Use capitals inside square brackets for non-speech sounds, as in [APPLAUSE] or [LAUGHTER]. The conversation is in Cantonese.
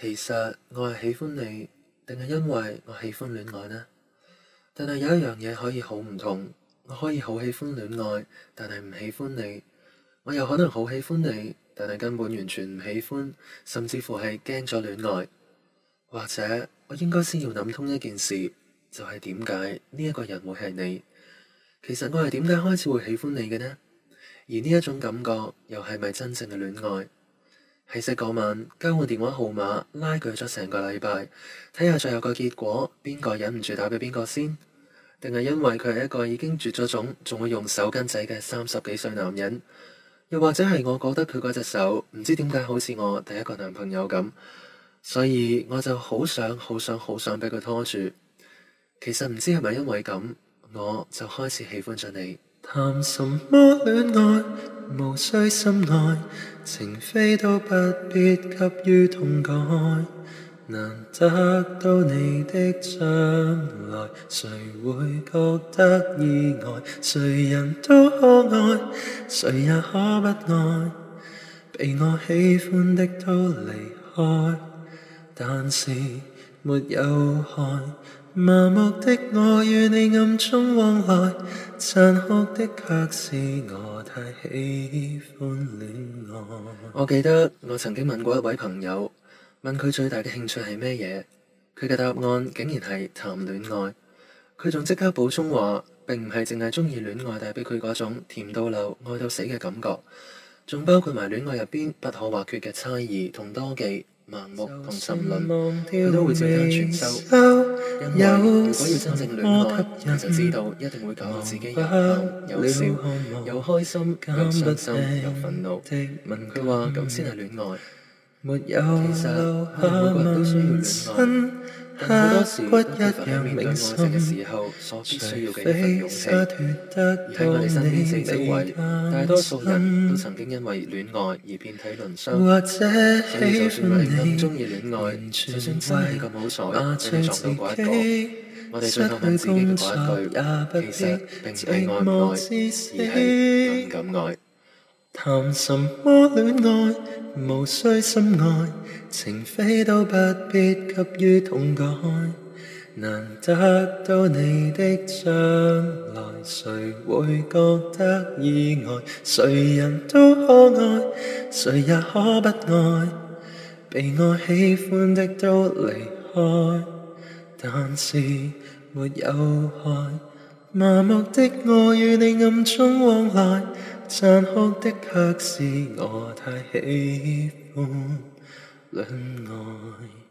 其實我係喜歡你，定係因為我喜歡戀愛呢？但係有一樣嘢可以好唔同，我可以好喜歡戀愛，但係唔喜歡你。我又可能好喜歡你，但係根本完全唔喜歡，甚至乎係驚咗戀愛。或者我應該先要諗通一件事，就係點解呢一個人會係你？其實我係點解開始會喜歡你嘅呢？而呢一種感覺，又係咪真正嘅戀愛？初識嗰晚交換電話號碼，拉鋸咗成個禮拜，睇下最後個結果，邊個忍唔住打俾邊個先？定係因為佢係一個已經絕咗種，仲會用手巾仔嘅三十幾歲男人？又或者係我覺得佢嗰隻手，唔知點解好似我第一個男朋友咁，所以我就好想好想好想俾佢拖住。其實唔知係咪因為咁，我就開始喜歡上你。談什麼戀愛，無需深愛，情非都不必急於痛改。難得到你的將來，誰會覺得意外？誰人都可愛，誰也可不愛。被我喜歡的都離開，但是沒有害。麻木的我與你暗中往來，殘酷的卻是我。我太喜歡戀愛。我記得我曾經問過一位朋友，問佢最大嘅興趣係咩嘢？佢嘅答案竟然係談戀愛。佢仲即刻補充話，並唔係淨係中意戀愛帶俾佢嗰種甜到流、愛到死嘅感覺，仲包括埋戀愛入邊不可或缺嘅猜疑同多忌、盲目同沉淪，佢都會照單全收。因為如果要真正戀愛，佢 [MUSIC] 就知道一定會搞到自己又喊、 [MUSIC] 又笑、又開心、又 [MUSIC] 傷心、又憤怒。 [MUSIC] 問佢話咁先係戀愛。其實每個人都需要戀愛，但好多時與人分享面對愛情嘅時候，必須要嘅一份勇氣。而喺我哋身邊死精鬼，大多數人都曾經因為戀愛而遍體鱗傷。所以就算係咁中意戀愛，就算真係咁好彩，都未做到撞到過一個。我哋最後問自己嘅嗰一句，其實並唔係愛唔愛，而係敢唔敢愛。談什麼戀愛？無需深愛，情非都不必急於痛改。難得到你的將來，誰會覺得意外？誰人都可愛，誰也可不愛。被我喜歡的都離開，但是沒有害。麻木的我與你暗中往來。殘酷的卻是我太喜歡戀愛。